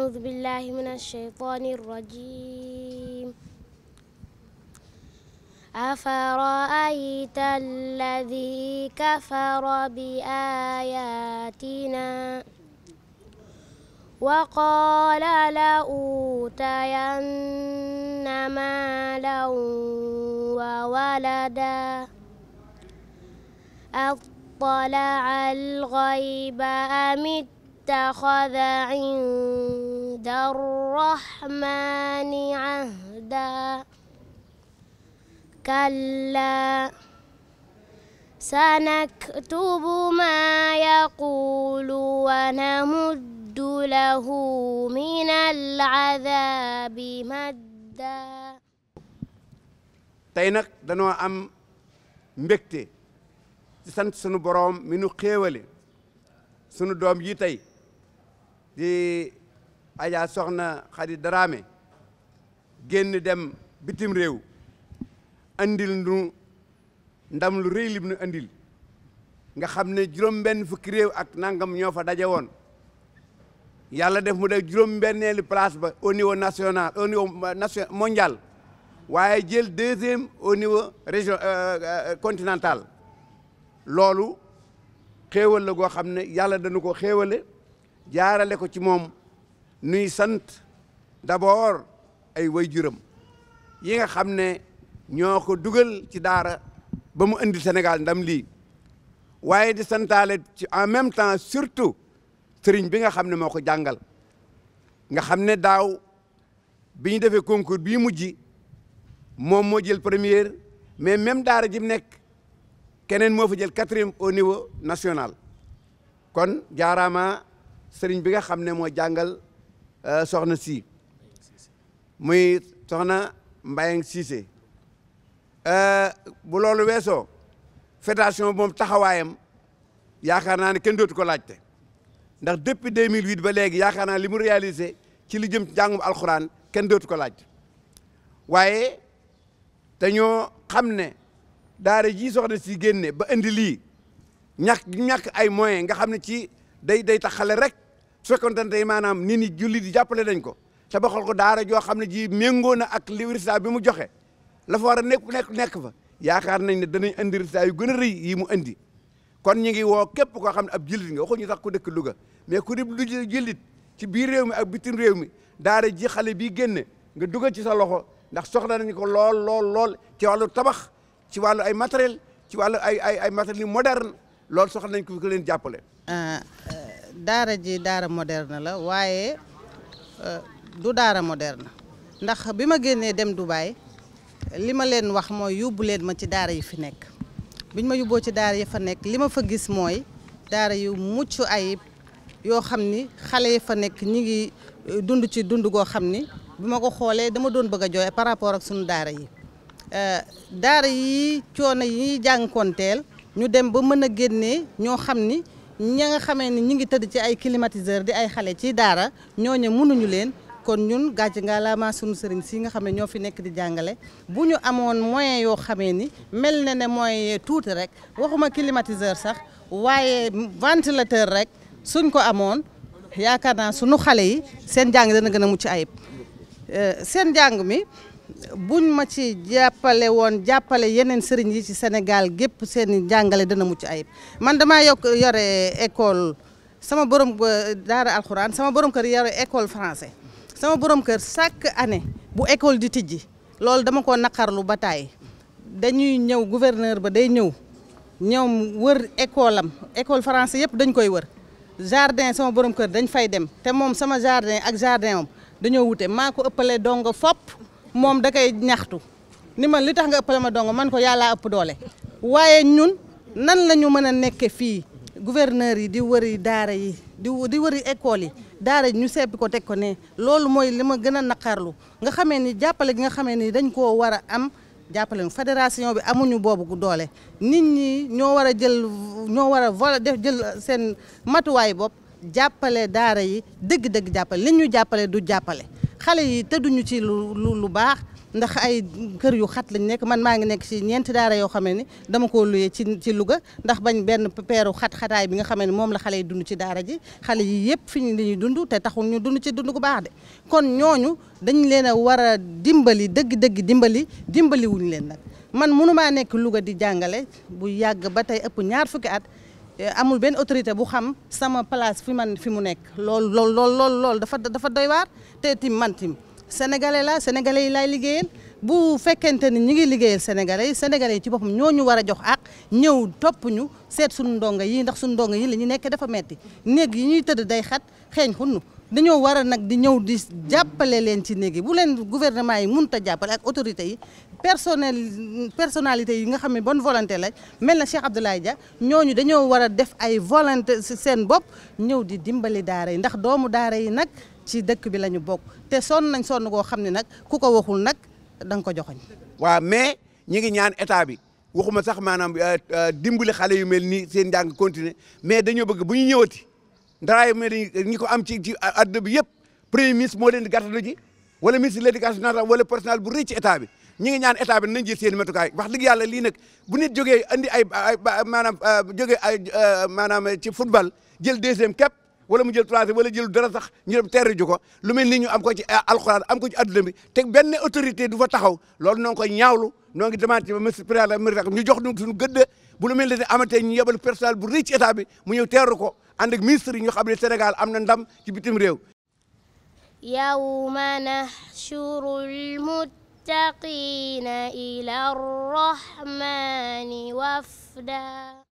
أعوذ بالله من الشيطان الرجيم أفرأيت الذي كفر بآياتنا وقال لأوتين مالا وولدا أطلع الغيب أم اتخذ عند الرحمن عهدا كلا سنكتب ما يقول ونمد له من العذاب مدا tey nag danoo am mbégte ci sant sunu boroom mi nu xéewale sunu doom yi tey di Adja Soxna Xadi Daraame génn dem bitim réew andil nu ndam lu rëy lim nu andil nga xam ne juróom-benn fukki réew ak nangam ñoo fa daje woon yàlla def mu def juróom-benneelu place ba au niveau national au niveau national mondial waaye jël deuxième au niveau région euh, euh, continental loolu xéewal la goo xam ne yàlla dañu ko xéewale jaarale ko ci moom nuy sant d'abord ay way waajuram yi nga xam ne ñoo ko dugal ci daara ba mu indi Sénégal ndam lii waaye di santaale ci en même temps surtout sëriñ bi nga xam ne moo ko jàngal nga xam ne daaw bi ñu defee concours bii ji moom moo jël première mais même daara ji nekk keneen moo fa jël quatrième au niveau national kon jaaraama sëriñ bi nga xam ne moo jàngal euh, soxna si muy soxna Mbayang Cissé euh, bu loolu weesoo fédération moom taxawaayam yaakaar naa ne kenn dootu ko laajte ndax depuis 2008 ba léegi yaakaar naa li mu réalisé ci li jëm ci jàngum kenn dootu ko laajte waaye dañoo xam ne daara ji soxna si génne ba indi lii ñàkk ñàkk ay moyens nga xam ne ci day day tax xale rek su fekkoon tey maanaam nit ñi jullit yi jàppale nañ ko ca baxal ko daara joo xam ne ji méngoo na ak li résultat bi mu joxe la fa war a nekk nekk nekk fa yaakaar nañ ne danañ andi résultat yu gën a rëy yi mu andi kon ñu ngi woo képp koo xam ne ab jullit nga waxuñu sax ku dëkk Louga mais ku di lu jullit ci biir réew mi ak bitim réew mi daara ji xale bii génne nga dugal ci sa loxo ndax soxla nañ ko lool lool lool ci wàllu tabax ci wàllu ay matériel ci wàllu ay ay ay matériel moderne loolu soxla nañ ko leen jàppale euh, daara ji daara moderne la waaye euh, du daara moderne ndax bi ma génnee dem du Dubaay li ma leen wax mooy yóbbu leen ma ci daara yi fi nekk biñ ma yóbboo ci daara yi fa nekk li ma fa gis mooy daara yu mucc ayib yoo xam ni xale yi fa nekk ñi ngi euh, dund ci dund goo xam ni bi ma ko xoolee dama doon bëgg a jooy par rapport ak suñu daara yi euh, daara yi coono yi ñuy jànkonteel ñu dem ba mën a génnee ñoo xam ni ña nga xamee ni ñi ngi tëdd ci ay climatiseur di ay xale ci daara ñooñu munuñu leen kon ñun gàcce nga la ma sunu sëriñ si nga xam ne ñoo fi nekk di jàngale bu ñu amoon moyen yoo xamee ni mel na ne moyen tuuti rek waxuma climatiseur sax waaye ventilateur rek suñ ko amoon yaakaar naa sunu xale yi seen jàng dana gën a mucc ayib euh, seen jàng mi bu ñu ma ci jàppale woon jàppale yeneen sëriñ yi ci Sénégal gépp seen jàngale dana mucc ayib man damaa yokk yore école sama borom daara alxuraan sama borom kër yore école français sama borom kër chaque année bu école di tijji loolu dama ko naqarlu ba taay dañuy ñëw gouverneur ba day ñëw ñëw wër école am école français yëpp dañ koy wër jardin sama borom kër dañ fay dem te moom sama jardin ak jardin am dañoo wute maa ko ëppalee donga fopp moom da koy ñaxtu ni man li tax nga ëppale ma dong man ko yàllaa ëpp doole waaye ñun nan la ñu mën a nekke fii gouverneur yi di wëri daara yi di di wëri école yi daara yi ñu seppi ko teg ko ne loolu mooy li ma gën a naqarlu nga xamee ni jàppale gi nga xamee ni dañ koo war a am jàppale fédération bi amuñu boobu doole nit ñi ñoo war a jël ñoo war a vol def jël seen matuwaay bopp jàppale daara yi dëgg-dëgg jàppale li ñu jàppale du jàppale xale yi tëdduñu ci lu lu baax ndax ay kër yu xat lañ nekk man maa ngi nekk ci ñeenti daara yoo xamee ni dama ko luye ci ci Louga ndax bañ benn peeru xat-xataay bi nga xamee ni moom la xale yi dund ci daara ji xale yi yëpp fi ñu li ñuy dund te taxul ñu dund ci dund ko baax de kon ñooñu dañ leen a war a dimbali dëgg-dëgg dimbali dimbali leen nag man mënumaa nekk Louga di jàngale bu yàgg ba tey ëpp ñaar fukki at Eh, amul benn autorité bu xam sama place fi man fi mu nekk lool lool lool lool lool dafa dafa doy waar te tiim man tim sénégalais la sénégalais yi laay liggéeyal bu fekkente ni ñu ngi liggéeyal sénégalais yi sénégalais yi ci boppam ñoo ñu war a jox ak ñëw topp ñu seet suñu ndongo yi ndax suñu ndongo yi la ñu nekk dafa metti néeg yi ñuy tëdd day xat xeeñ da ñëw war a nag di ñëw di jàppale leen ci néeg yi bu leen gouvernement yi mënut a jàppale ak autorité yi personnel personnalité yi nga xam ne bonne volonté lañ mel na Cheikh Abdoulaye Dia ñooñu dañoo war a def ay volonté si seen bopp ñëw di dimbali daara yi ndax doomu daara yi nag ci dëkk bi la ñu bokk te sonn nañ sonn koo xam ne nag ku ko waxul nag da nga ko joxoñ waaw mais ñi ngi ñaan état bi waxuma sax maanaam euh, euh, dimbali xale yu mel nii seen njàng continuer mais dañoo bëgg bu ñu ñëwati ndaraay mais dañ ñi ko am ci ci àdduna bi yëpp premier ministre moo leen di gàttalu ji wala ministre de l'éducation nationale wala personnel bu rëy ci état bi ñi ngi ñaan état bi nañ jël seen matukaay wax dëgg yàlla lii nag bu nit jógee andi ay ay maanaam jógee ay maanaam ci football jël deuxième képp wala mu jël troisième wala jël dara sax ñu dem terre ju ko lu mel ni ñu am ko ci alxuraan am ko ci adduna bi te benn autorité du fa taxaw loolu noo ngi koy ñaawlu noo ngi demande ci monsieur président mairie ñu jox ñu suñu gëdd bu lu mel ni amate ñu yebal personnel bu rëy ci état bi mu ñëw terre ko ànd ak ministre yi ñu xam ne Sénégal am na ndam ci bitim réew. yawma nahshurul mut المتقين إلى الرحمن وفدا